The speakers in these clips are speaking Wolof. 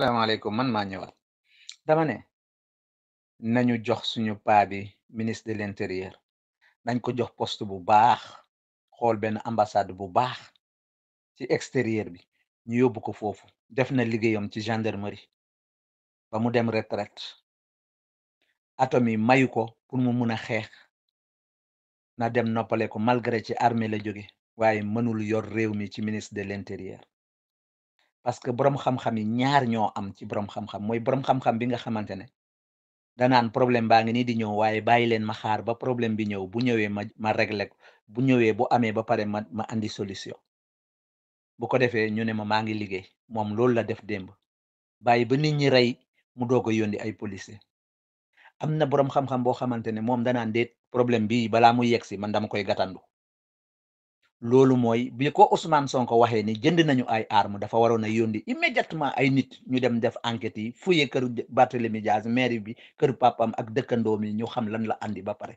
salaamaaleykum man maa ñëwaat dama ne nañu jox suñu paabi bi ministre de l'intérieur nañ ko jox poste bu baax xool benn ambassade bu baax ci extérieur bi ñu yóbbu ko foofu def na liggéeyam ci gendarmerie ba mu dem retraite atom yi mayu ko pour mu mun a xeex na dem noppale ko malgré ci armée la jóge waaye mënul yor réew mi ci ministre de l'intérieur parce que borom xam-xam yi ñaar ñoo am ci borom xam-xam mooy borom xam-xam bi nga xamante ne danaan problème baa ngi nii di ñëw waaye bàyyi leen ma xaar ba problème bi ñëw bu ñëwee ma ma réglé ko bu ñëwee bu amee ba pare ma ma andi solution bu ko defee ñu ne ma maa ngi liggéey moom loolu la def démb bàyyi ba nit ñi rey mu doog a yónni ay policier am na borom xam-xam boo xamante ne moom danaan problème bi balaa mu yegg si man dama koy gàttandu loolu mooy bi ko Ousmane Sonko waxee ni jënd nañu ay arme dafa waroon a yónni immédiatement ay nit ñu dem def enquête yi fuye kër Barthélemy Diaz maire bi kër papam ak dëkkandoo mi ñu xam lan la andi ba pare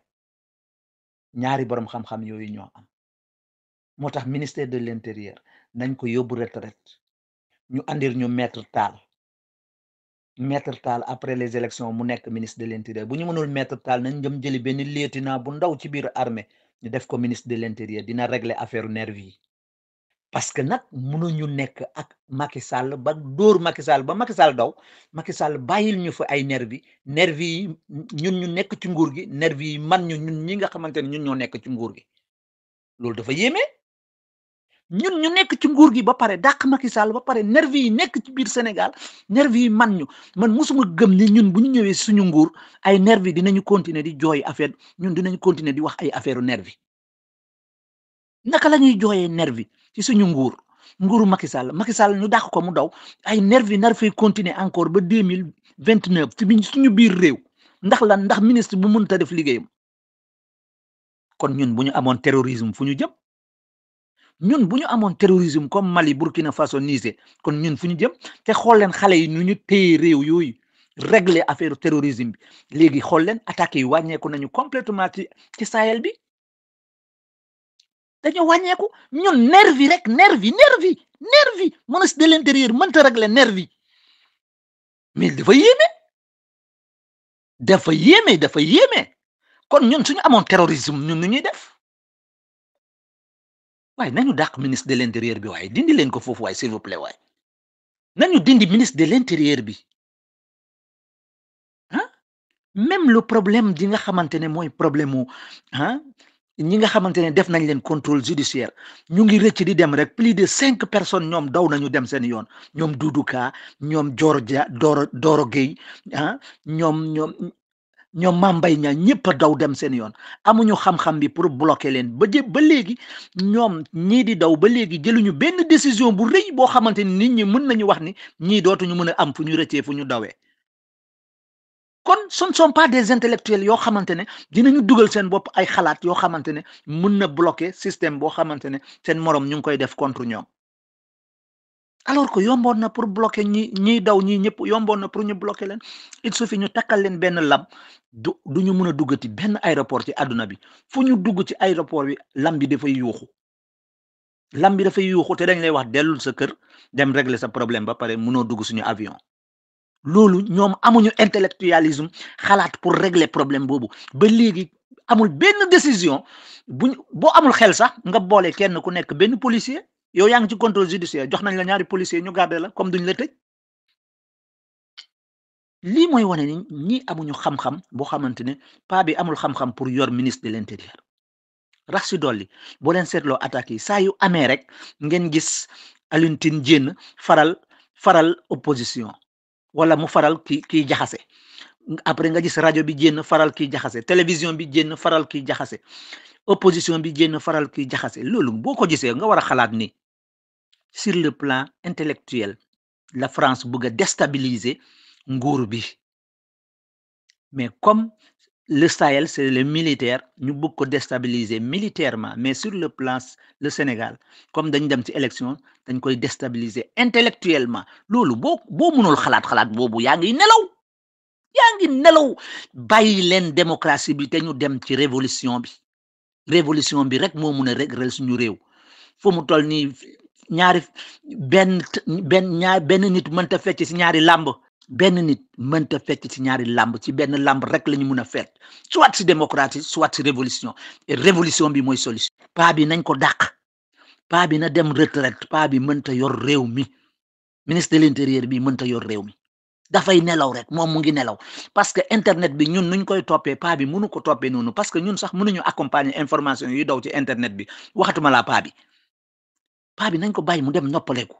ñaari borom xam-xam yooyu ñoo am moo tax ministère de l'intérieur nañ ko yóbbu retraite ñu andir ñu maître taal maître taal après les élections mu nekk ministre de l'intérieur bu ñu mënul maître taal nañ jëm jëli benn lieutenant bu ndaw ci biir armée ñu def ko ministre de l'intérieur dina régler affaire nervi yi parce que nag mënuñu nekk ak Macky Sall ba dóor Macky Sall ba Macky Sall daw Macky Sall bàyyil ñu fa ay nervi nervi yi ñun ñu nekk ci nguur gi nervi yi man ñu ñun ñi nga xamante ne ñun ñoo nekk ci nguur gi loolu dafa yéeme. ñun ñu nekk ci nguur gi ba pare dàq Macky ba pare nervi yi nekk ci biir Sénégal nervi yi man ñu man mosuma gëm ni ñun bu ñu ñëwee suñu nguur ay nervi dinañu continuer di jooy affaire ñun dinañu continuer di wax ay affaire nervi naka la ñuy jooyee nervi ci suñu nguur nguuru Macky Sall Macky ñu dàq ko mu daw ay nervi nar fay continuer encore ba deux mille vingt neuf ci biñ suñu biir réew ndax lan ndax ministre bu mënut a def liggéeyam kon ñun bu ñu amoon terrorisme fu ñu jëm. ñun bu ñu amoon terrorisme comme Mali Burkina Faso Niger kon ñun fu ñu jëm te xool leen xale yi nu ñu téye réew yooyu régler affaire terrorisme bi léegi xool leen attaques yi wàññeeku nañu complètement ci ci Sahel bi dañoo wàññeeku ñun nervi rek nervi nervi nervi ministre de l'intérieur mënta régler nervi mais dafa yéeme dafa yéeme dafa yéeme kon ñun suñu amoon terrorisme ñun nu ñuy def waaye nañu dàq ministre de l'intérieur bi waaye dindi leen ko foofu waaye s'il vous plaît na ñu dindi ministre de l'intérieur bi ah même le problème di nga xamante ne mooy problème mu ah ñi nga xamante ne def nañ leen contrôle judiciaire ñu ngi rëcc di dem rek plus de cinq personnes ñoom daw nañu dem seen yoon ñoom Doudou Ka ñoom Dior Dia Doro Doro Gueye ah ñoom ñoom ñoom Mame Mbaye Niang ñëpp daw dem seen yoon amuñu xam-xam bi pour bloquer leen ba jë ba léegi ñoom ñii di daw ba léegi jëluñu benn décision bu rëy boo xamante ni nit ñi mën nañu wax ni ñii dootuñu mën a am fu ñu rëccee fu ñu dawee kon son ne sont pas des intellectuels yoo xamante ne dinañu dugal seen bopp ay xalaat yoo xamante ne mën na bloquer système boo xamante ne seen morom ñu ngi koy def contre ñoom alors que yomboon na pour bloquer ñi ñiy daw ñi ñëpp yomboon na pour ñu bloquer leen il suffit ñu takkal leen benn lam du du ñu mën a duggati benn aéroport ci àdduna bi fu ñu dugg ci aéroport bi lam bi dafay yuuxu lam bi dafay yuuxu te dañ lay wax dellul sa kër dem régler sa problème ba pare mënoo dugg suñu avion loolu ñoom amuñu intellectualisme xalaat pour régler problème boobu ba léegi amul benn décision bu boo amul xel sax nga boole kenn ku nekk benn policier. yow yaa ngi ci contrôle judiciaire jox nañ la ñaari policier ñu garder la comme duñ la tëj lii mooy wane ni ñii amuñu xam-xam boo xamante ne pa bi amul xam-xam pour yor ministre de l'intérieur rax si dolli boo leen seetloo attaques yi saa yu amee rek ngeen gis Alioune Tine jénn faral faral opposition wala mu faral ki kiy jaxase après nga gis rajo bi jénn faral kiy jaxase télévision bi jénn faral kiy jaxase opposition bi génn faral kuy jaxase loolu boo ko gisee nga war a xalaat ni sur le plan intellectuel la France bëgg a nguur bi mais comme le Sahel c'est le militaire ñu bëgg ko déstabiliser militairement mais sur le plan le Sénégal comme dañ dem ci élection dañ koy déstabiliser intellectuellement loolu boo boo mënul xalaat xalaat boobu yaa ngi nelaw yaa ngi nelaw bàyyi leen démocratie bi te ñu dem ci révolution bi révolution bi rek moo mun a régler suñu réew fu mu toll nii ñaari benn ñaar benn nit mënta fecc si ñaari làmb benn nit mënta fecc ci ñaari làmb ci benn làmb rek la ñu mun a fecc soit si démocratie soit si révolution et révolution bi mooy solution paa bi nañ ko dàq paa bi na dem retraite paa bi mënta yor réew mi ministre de l'intérieur bi mënta yor réew mi dafay nelaw rek moom mu ngi nelaw parce que internet bi ñun nuñ koy tope paa bi mënu ko toppee noonu parce que ñun sax mënuñu accompagner information yi daw ci internet bi waxatuma laa paabi bi paa bi nañ ko bàyyi mu dem noppaleku